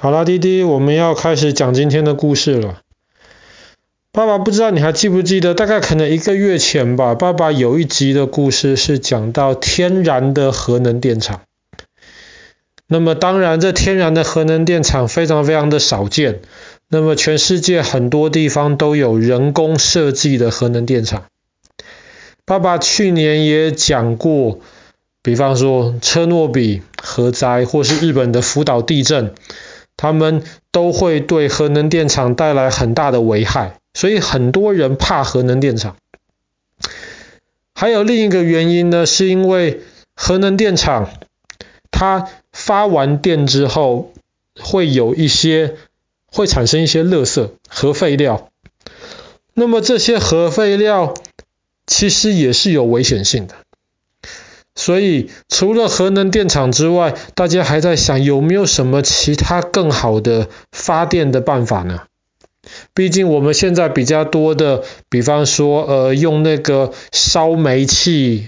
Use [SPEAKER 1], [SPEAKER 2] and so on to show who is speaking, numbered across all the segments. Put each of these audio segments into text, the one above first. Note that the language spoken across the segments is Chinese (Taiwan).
[SPEAKER 1] 好啦，滴滴，我們要開始講今天的故事了。爸爸不知道你還記不記得，大概可能一個月前吧，爸爸有一集的故事是講到天然的核能電廠。那麼當然，這天然的核能電廠非常非常的少見。那麼全世界很多地方都有人工設計的核能電廠。爸爸去年也講過，比方說車諾比核災，或是日本的福島地震。他們都會對核能電廠帶來很大的危害，所以很多人怕核能電廠。還有另一個原因呢，是因為核能電廠它發完電之後，會有一些，會產生一些垃圾，核廢料。那麼這些核廢料其實也是有危險性的。所以，除了核能電廠之外，大家還在想有沒有什麼其他更好的發電的辦法呢？畢竟我們現在比較多的，比方說，呃，用那個燒煤氣、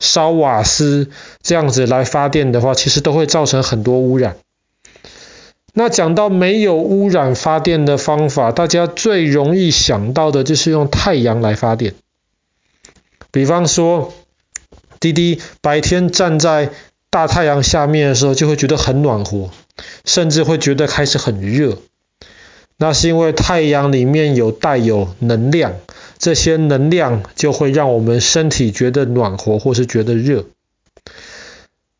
[SPEAKER 1] 燒瓦斯這樣子來發電的話，其實都會造成很多汙染。那講到沒有汙染發電的方法，大家最容易想到的就是用太陽來發電，比方說。滴滴白天站在大太陽下面的時候，就會覺得很暖和，甚至會覺得開始很熱。那是因為太陽裡面有帶有能量，這些能量就會讓我們身體覺得暖和，或是覺得熱。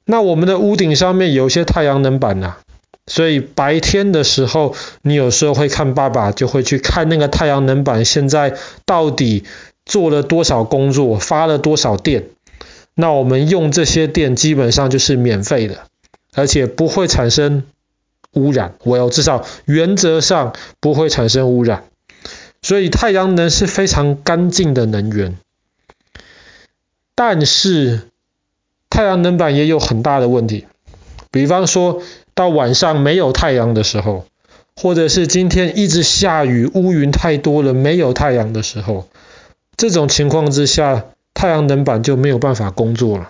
[SPEAKER 1] 那我們的屋頂上面有些太陽能板吶、啊，所以白天的時候，你有時候會看爸爸就會去看那個太陽能板現在到底做了多少工作，發了多少電。那我們用這些電基本上就是免費的，而且不會產生污染，我要至少原則上不會產生污染，所以太陽能是非常乾淨的能源。但是太陽能板也有很大的問題，比方說到晚上沒有太陽的時候，或者是今天一直下雨，烏雲太多了，沒有太陽的時候，這種情況之下。太陽能板就沒有辦法工作了，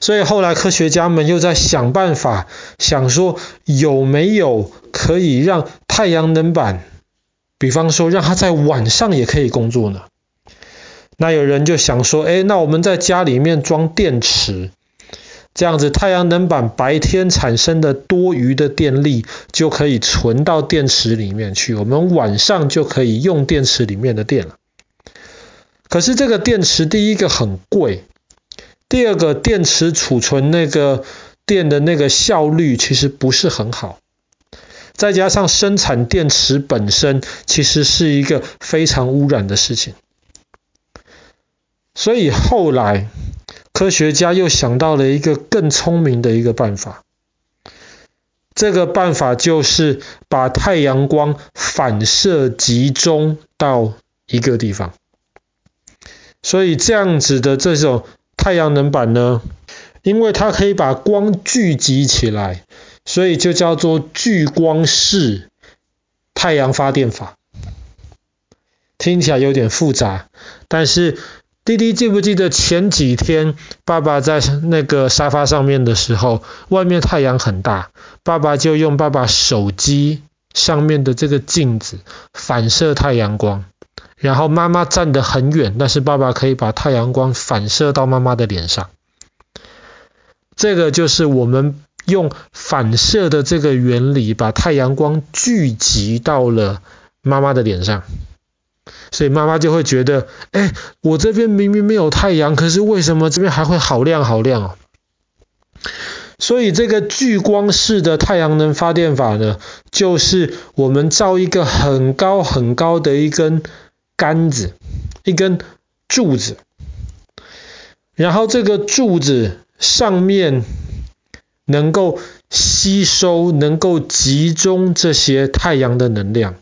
[SPEAKER 1] 所以後來科學家們又在想辦法，想說有沒有可以讓太陽能板，比方說讓它在晚上也可以工作呢？那有人就想說，欸，那我們在家裡面裝電池，這樣子太陽能板白天產生的多餘的電力就可以存到電池裡面去，我們晚上就可以用電池裡面的電了。可是這個電池，第一個很貴，第二個電池儲存那個電的那個效率其實不是很好，再加上生產電池本身其實是一個非常污染的事情。所以後來科學家又想到了一個更聰明的一個辦法，這個辦法就是把太陽光反射集中到一個地方。所以這樣子的這種太陽能板呢，因為它可以把光聚集起來，所以就叫做聚光式太陽發電法。聽起來有點複雜，但是弟弟記不記得前幾天爸爸在那個沙發上面的時候，外面太陽很大，爸爸就用爸爸手機上面的這個鏡子反射太陽光。然後媽媽站得很遠，但是爸爸可以把太陽光反射到媽媽的臉上。這個就是我們用反射的這個原理，把太陽光聚集到了媽媽的臉上，所以媽媽就會覺得，哎，我這邊明明沒有太陽，可是為什麼這邊還會好亮好亮哦啊？所以這個聚光式的太陽能發電法呢，就是我們造一個很高很高的一根。桿子，一根柱子，然後這個柱子上面能夠吸收、能夠集中這些太陽的能量。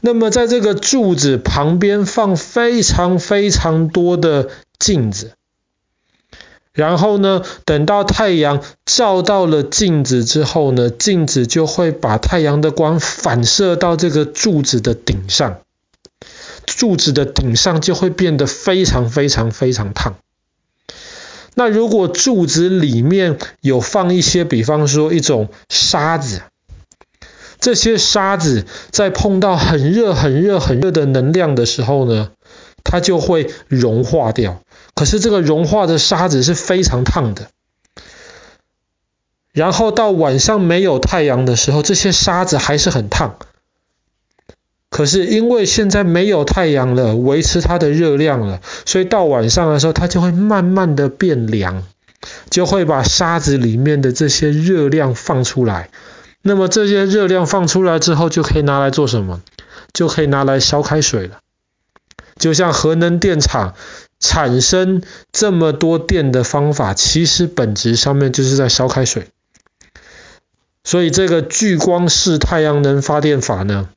[SPEAKER 1] 那麼在這個柱子旁邊放非常非常多的鏡子，然後呢，等到太陽照到了鏡子之後呢，鏡子就會把太陽的光反射到這個柱子的頂上。柱子的頂上就會變得非常非常非常燙。那如果柱子裡面有放一些，比方說一種沙子，這些沙子在碰到很熱很熱很熱的能量的時候呢，它就會融化掉。可是這個融化的沙子是非常燙的。然後到晚上沒有太陽的時候，這些沙子還是很燙。可是因為現在沒有太陽了，維持它的熱量了，所以到晚上的時候，它就會慢慢的變涼，就會把沙子裡面的這些熱量放出來。那麼這些熱量放出來之後，就可以拿來做什麼？就可以拿來燒開水了。就像核能電廠產生這麼多電的方法，其實本質上面就是在燒開水。所以這個聚光式太陽能發電法呢，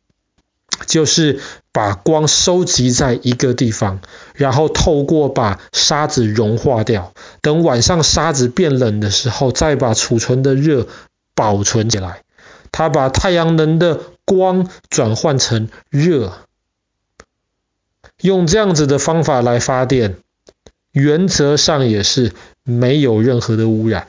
[SPEAKER 1] 就是把光收集在一個地方，然後透過把沙子融化掉，等晚上沙子變冷的時候，再把儲存的熱保存起來。它把太陽能的光轉換成熱，用這樣子的方法來發電，原則上也是沒有任何的污染。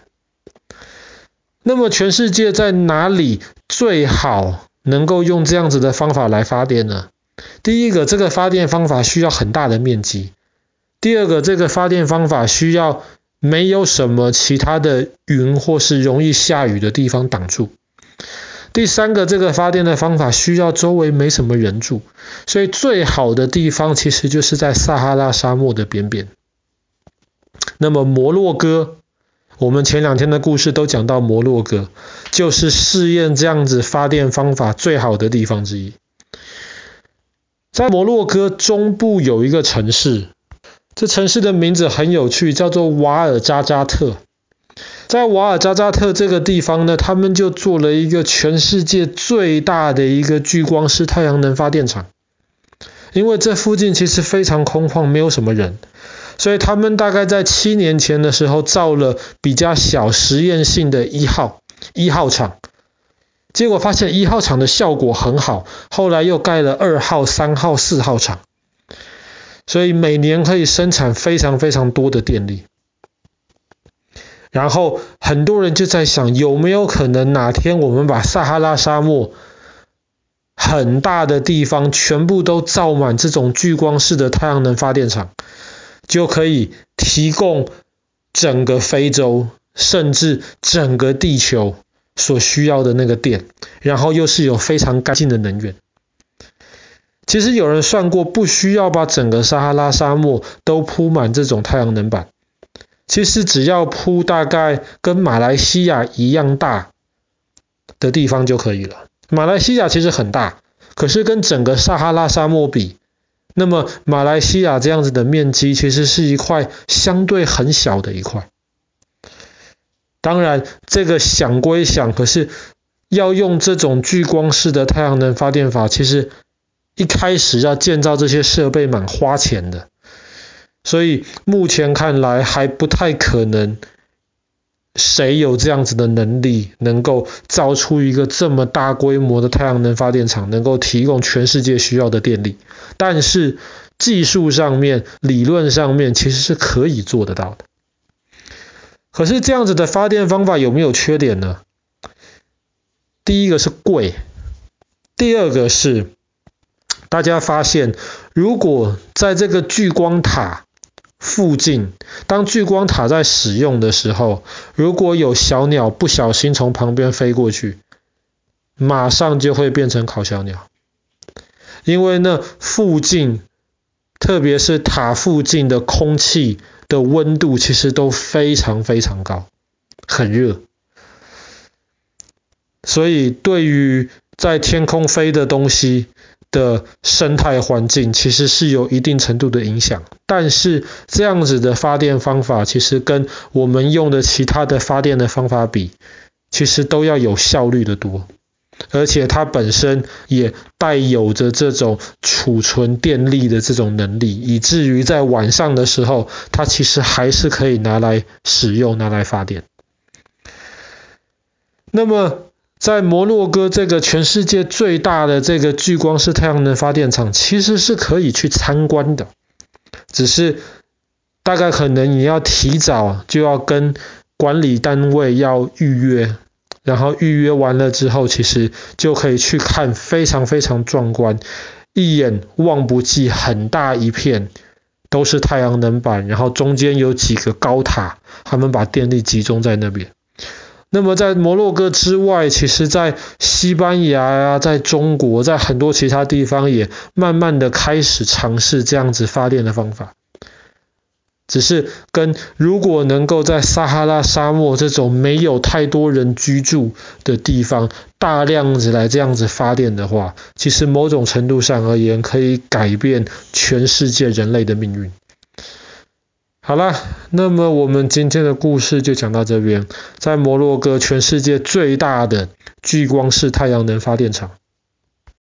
[SPEAKER 1] 那麼全世界在哪裡最好？能夠用這樣子的方法來發電呢？第一個，這個發電方法需要很大的面積；第二個，這個發電方法需要沒有什麼其他的雲或是容易下雨的地方擋住；第三個，這個發電的方法需要周圍沒什麼人住，所以最好的地方其實就是在撒哈拉沙漠的邊邊。那麼摩洛哥。我們前兩天的故事都講到摩洛哥，就是試驗這樣子發電方法最好的地方之一。在摩洛哥中部有一個城市，這城市的名字很有趣，叫做瓦爾扎扎特。在瓦爾扎扎特這個地方呢，他們就做了一個全世界最大的一個聚光式太陽能發電廠。因為這附近其實非常空曠，沒有什麼人，所以他們大概在七年前的時候造了比較小實驗性的一號一號廠，結果發現一號廠的效果很好，後來又蓋了二號、三號、四號廠，所以每年可以生產非常非常多的電力，然後很多人就在想，有沒有可能哪天我們把撒哈拉沙漠很大的地方全部都造滿這種聚光式的太陽能發電廠，就可以提供整個非洲甚至整個地球所需要的那個電，然後又是有非常乾淨的能源。其實有人算過，不需要把整個撒哈拉沙漠都鋪滿這種太陽能板，其實只要鋪大概跟馬來西亞一樣大的地方就可以了。馬來西亞其實很大，可是跟整個撒哈拉沙漠比，那麼馬來西亞這樣子的面積其實是一塊相對很小的一塊。當然，這個想歸想，可是要用這種聚光式的太陽能發電法，其實一開始要建造這些設備蠻花錢的，所以目前看來還不太可能。誰有這樣子的能力，能夠造出一個這麼大規模的太陽能發電廠，能夠提供全世界需要的電力？但是技術上面、理論上面其實是可以做得到的。可是這樣子的發電方法有沒有缺點呢？第一個是貴，第二個是大家發現，如果在這個聚光塔。附近，當聚光塔在使用的時候，如果有小鳥不小心從旁邊飛過去，馬上就會變成烤小鳥，因為那附近，特別是塔附近的空氣的溫度其實都非常非常高，很熱，所以對於在天空飛的東西。的生態環境其實是有一定程度的影響，但是這樣子的發電方法其實跟我們用的其他的發電的方法比，其實都要有效率的多，而且它本身也帶有着這種儲存電力的這種能力，以至於在晚上的時候，它其實還是可以拿來使用、拿來發電。那麼。在摩洛哥這個全世界最大的這個聚光式太陽能發電廠，其實是可以去參觀的，只是大概可能你要提早就要跟管理單位要預約，然後預約完了之後，其實就可以去看非常非常壯觀，一眼望不盡很大一片都是太陽能板，然後中間有幾個高塔，他們把電力集中在那邊。那麼在摩洛哥之外，其實，在西班牙呀，在中國，在很多其他地方也慢慢的開始嘗試這樣子發電的方法。只是跟如果能夠在撒哈拉沙漠這種沒有太多人居住的地方，大量子來這樣子發電的話，其實某種程度上而言，可以改變全世界人類的命運。好啦，那麼我們今天的故事就講到這邊，在摩洛哥全世界最大的聚光式太陽能發電廠。